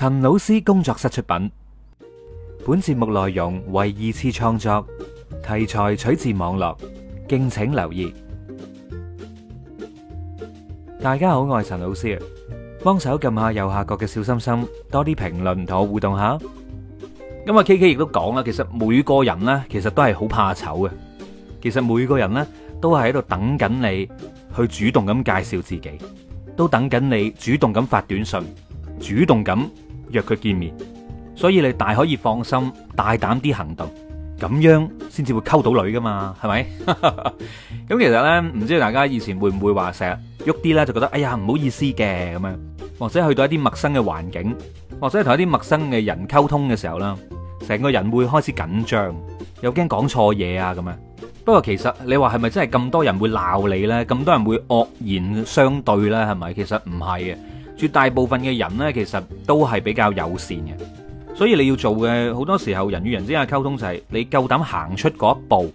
陳老師工作室出品，本節目內容為二次創作，題材取自網絡，敬請留意。大家好，我係陳老師啊，幫手撳下右下角嘅小心心，多啲評論同我互動下。今日啊，K K 亦都講啦，其實每個人呢，其實都係好怕醜嘅。其實每個人呢，都係喺度等緊你去主動咁介紹自己，都等緊你主動咁發短信，主動咁。約佢見面，所以你大可以放心大膽啲行動，咁樣先至會溝到女噶嘛，係咪？咁其實呢，唔知大家以前會唔會話成日喐啲呢，就覺得哎呀唔好意思嘅咁樣，或者去到一啲陌生嘅環境，或者同一啲陌生嘅人溝通嘅時候啦，成個人會開始緊張，又驚講錯嘢啊咁樣。不過其實你話係咪真係咁多人會鬧你呢？咁多人會惡言相對呢？係咪？其實唔係嘅。絕大部分嘅人呢，其實都係比較友善嘅，所以你要做嘅好多時候，人與人之間嘅溝通就係你夠膽行出嗰一步，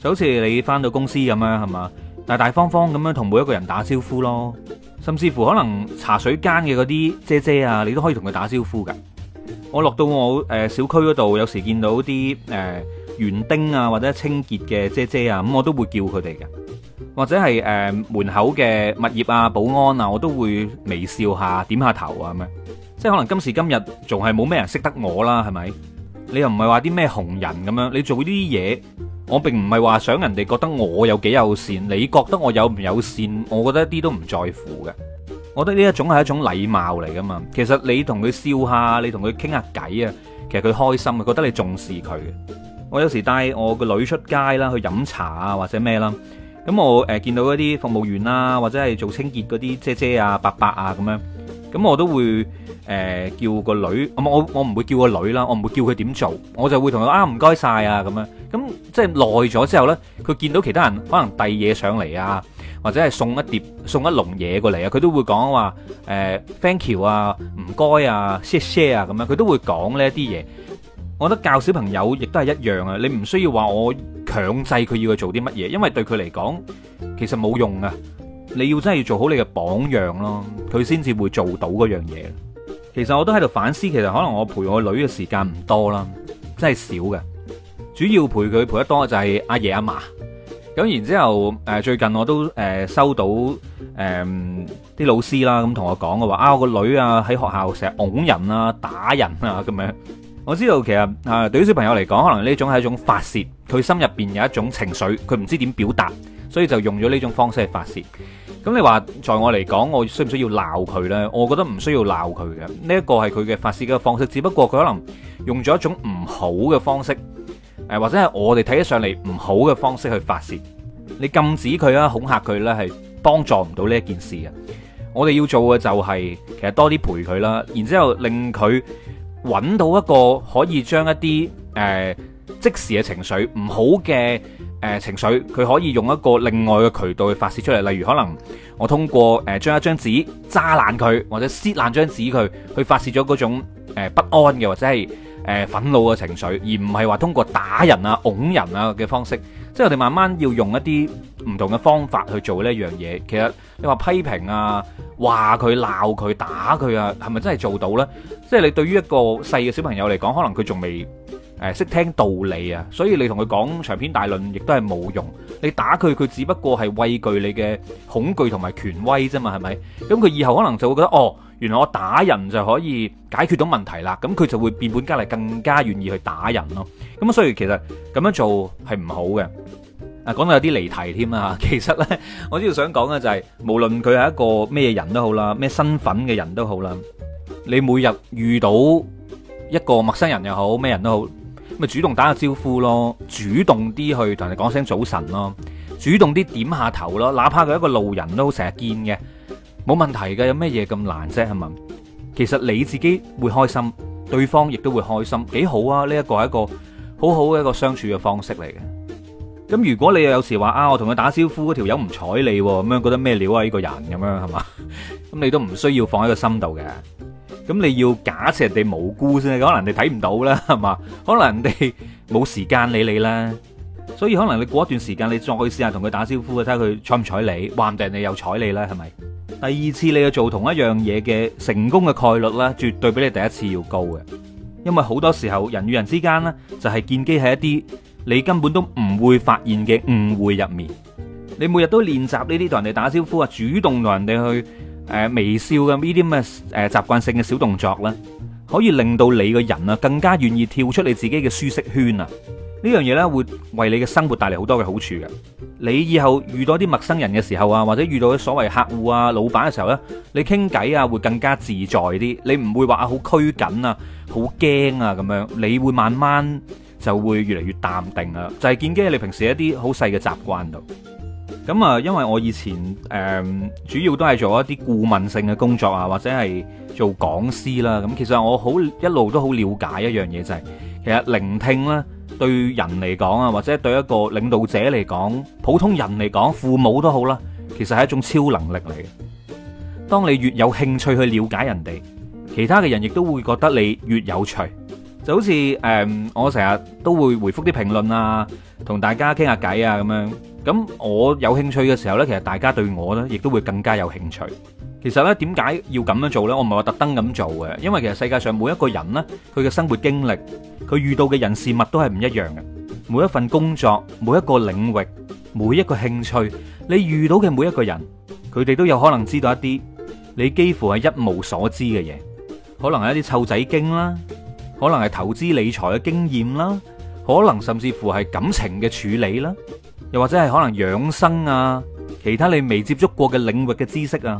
就好似你翻到公司咁樣，係嘛，大大方方咁樣同每一個人打招呼咯，甚至乎可能茶水間嘅嗰啲姐姐啊，你都可以同佢打招呼㗎。我落到我誒小區嗰度，有時見到啲誒園丁啊或者清潔嘅姐姐啊，咁我都會叫佢哋嘅。或者係誒、呃、門口嘅物業啊、保安啊，我都會微笑下、點下頭啊咁樣。即係可能今時今日仲係冇咩人識得我啦，係咪？你又唔係話啲咩紅人咁樣？你做呢啲嘢，我並唔係話想人哋覺得我有幾友善。你覺得我有唔友善，我覺得一啲都唔在乎嘅。我覺得呢一種係一種禮貌嚟㗎嘛。其實你同佢笑下，你同佢傾下偈啊，其實佢開心啊，覺得你重視佢。我有時帶我個女出街啦，去飲茶啊，或者咩啦。咁我誒見到一啲服務員啦，或者係做清潔嗰啲姐姐啊、伯伯啊咁樣，咁我都會誒叫個女，咁我我唔會叫個女啦，我唔會叫佢點做，我就會同佢啊唔該晒啊咁樣，咁即係耐咗之後呢，佢見到其他人可能遞嘢上嚟啊，或者係送一碟、送一籠嘢過嚟啊，佢都會講話誒 thank you 啊，唔該啊，share share 啊咁樣，佢都會講呢一啲嘢。我覺得教小朋友亦都係一樣啊，你唔需要話我，強制佢要去做啲乜嘢，因為對佢嚟講，其實冇用啊！你要真係要做好你嘅榜樣咯，佢先至會做到嗰樣嘢。其實我都喺度反思，其實可能我陪我女嘅時間唔多啦，真係少嘅。主要陪佢陪得多就係阿爺阿嫲。咁然之後，誒最近我都誒、呃、收到誒啲、呃、老師啦咁同我講嘅話，啊我個女啊喺學校成日㧬人啊、打人啊咁樣。我知道其實啊，對於小朋友嚟講，可能呢種係一種發泄，佢心入邊有一種情緒，佢唔知點表達，所以就用咗呢種方式去發泄。咁你話在我嚟講，我需唔需要鬧佢呢？我覺得唔需要鬧佢嘅。呢一個係佢嘅發泄嘅方式，只不過佢可能用咗一種唔好嘅方式，誒或者係我哋睇起上嚟唔好嘅方式去發泄。你禁止佢啊，恐嚇佢呢，係幫助唔到呢一件事嘅。我哋要做嘅就係其實多啲陪佢啦，然之後令佢揾到一個可以將一啲誒、呃、即時嘅情緒唔好嘅誒、呃、情緒，佢可以用一個另外嘅渠道去發泄出嚟。例如，可能我通過誒將、呃、一張紙揸爛佢，或者撕爛張紙佢，去發泄咗嗰種、呃、不安嘅或者係誒、呃、憤怒嘅情緒，而唔係話通過打人啊、擁人啊嘅方式。即係我哋慢慢要用一啲唔同嘅方法去做呢一樣嘢。其實你話批評啊～話佢、鬧佢、打佢啊，係咪真係做到呢？即係你對於一個細嘅小朋友嚟講，可能佢仲未誒識聽道理啊，所以你同佢講長篇大論亦都係冇用。你打佢，佢只不過係畏懼你嘅恐懼同埋權威啫嘛，係咪？咁佢以後可能就會覺得哦，原來我打人就可以解決到問題啦，咁佢就會變本加厲，更加願意去打人咯。咁所以其實咁樣做係唔好嘅。啊，講到有啲離題添啊。其實呢，我主要想講嘅就係，無論佢係一個咩人都好啦，咩身份嘅人都好啦，你每日遇到一個陌生人又好，咩人都好，咪主動打個招呼咯，主動啲去同人講聲早晨咯，主動啲點下頭咯，哪怕佢一個路人都好，成日見嘅，冇問題嘅，有咩嘢咁難啫？係咪？其實你自己會開心，對方亦都會開心，幾好啊！呢一個係一個好好嘅一個相處嘅方式嚟嘅。咁如果你有時話啊，我同佢打招呼嗰條友唔睬你喎，咁樣覺得咩料啊？呢個人咁樣係嘛？咁 你都唔需要放喺個心度嘅。咁你要假設人哋無辜先，可能人哋睇唔到啦，係嘛？可能人哋冇時間理你啦。所以可能你過一段時間，你再去試下同佢打招呼，睇下佢睬唔睬你，話唔定你又睬你啦，係咪？第二次你去做同一樣嘢嘅成功嘅概率咧，絕對比你第一次要高嘅，因為好多時候人與人之間呢，就係、是、見機係一啲。你根本都唔會發現嘅誤會入面，你每日都練習呢啲同人哋打招呼啊，主動同人哋去誒、呃、微笑咁呢啲咩誒習慣性嘅小動作咧，可以令到你個人啊更加願意跳出你自己嘅舒適圈啊！呢樣嘢咧會為你嘅生活帶嚟好多嘅好處嘅。你以後遇到啲陌生人嘅時候啊，或者遇到啲所謂客戶啊、老闆嘅時候咧，你傾偈啊會更加自在啲，你唔會話好拘謹啊、好驚啊咁樣，你會慢慢。就會越嚟越淡定啦，就係建基你平時一啲好細嘅習慣度。咁啊，因為我以前誒主要都係做一啲顧問性嘅工作啊，或者係做講師啦。咁其實我好一路都好了解一樣嘢，就係其實聆聽啦，對人嚟講啊，或者對一個領導者嚟講，普通人嚟講，父母都好啦，其實係一種超能力嚟嘅。當你越有興趣去了解人哋，其他嘅人亦都會覺得你越有趣。就好似誒，我成日都會回覆啲評論啊，同大家傾下偈啊，咁樣咁。我有興趣嘅時候咧，其實大家對我呢亦都會更加有興趣。其實咧，點解要咁樣做咧？我唔係話特登咁做嘅，因為其實世界上每一個人咧，佢嘅生活經歷，佢遇到嘅人事物都係唔一樣嘅。每一份工作，每一個領域，每一個興趣，你遇到嘅每一個人，佢哋都有可能知道一啲你幾乎係一無所知嘅嘢，可能係一啲湊仔經啦。可能係投資理財嘅經驗啦，可能甚至乎係感情嘅處理啦，又或者係可能養生啊，其他你未接觸過嘅領域嘅知識啊，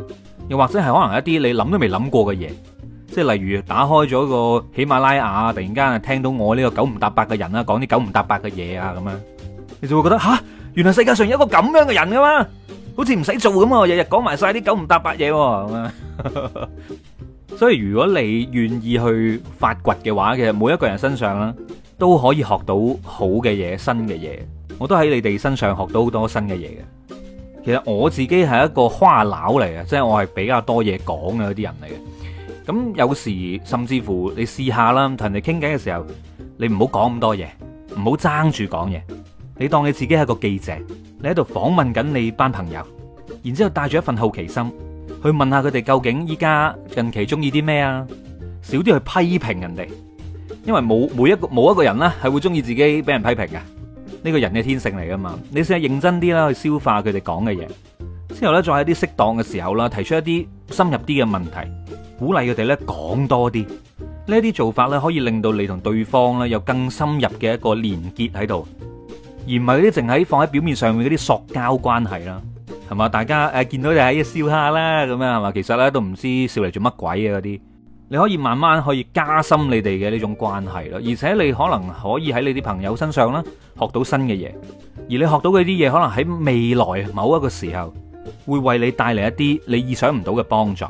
又或者係可能一啲你諗都未諗過嘅嘢，即係例如打開咗個喜馬拉雅啊，突然間聽到我呢個九唔搭八嘅人啊，講啲九唔搭八嘅嘢啊咁樣，你就會覺得嚇，原來世界上有個咁樣嘅人噶嘛，好似唔使做咁啊，日日講埋曬啲九唔搭八嘢喎咁樣。所以如果你願意去發掘嘅話，其實每一個人身上啦都可以學到好嘅嘢、新嘅嘢。我都喺你哋身上學到好多新嘅嘢嘅。其實我自己係一個花腦嚟嘅，即係我係比較多嘢講嘅嗰啲人嚟嘅。咁有時甚至乎你試下啦，同人哋傾偈嘅時候，你唔好講咁多嘢，唔好爭住講嘢。你當你自己係個記者，你喺度訪問緊你班朋友，然之後帶住一份好奇心。去問下佢哋究竟依家近期中意啲咩啊？少啲去批評人哋，因為冇每一個冇一個人咧係會中意自己俾人批評嘅，呢個人嘅天性嚟噶嘛，你試下認真啲啦，去消化佢哋講嘅嘢，之後咧再喺啲適當嘅時候啦，提出一啲深入啲嘅問題，鼓勵佢哋咧講多啲。呢一啲做法咧可以令到你同對方咧有更深入嘅一個連結喺度，而唔係啲淨喺放喺表面上面嗰啲塑膠關係啦。係嘛？大家誒、啊、見到就喺度笑一下啦，咁樣係嘛？其實咧都唔知笑嚟做乜鬼嘅嗰啲，你可以慢慢可以加深你哋嘅呢種關係咯。而且你可能可以喺你啲朋友身上咧學到新嘅嘢，而你學到嗰啲嘢可能喺未來某一個時候會為你帶嚟一啲你意想唔到嘅幫助。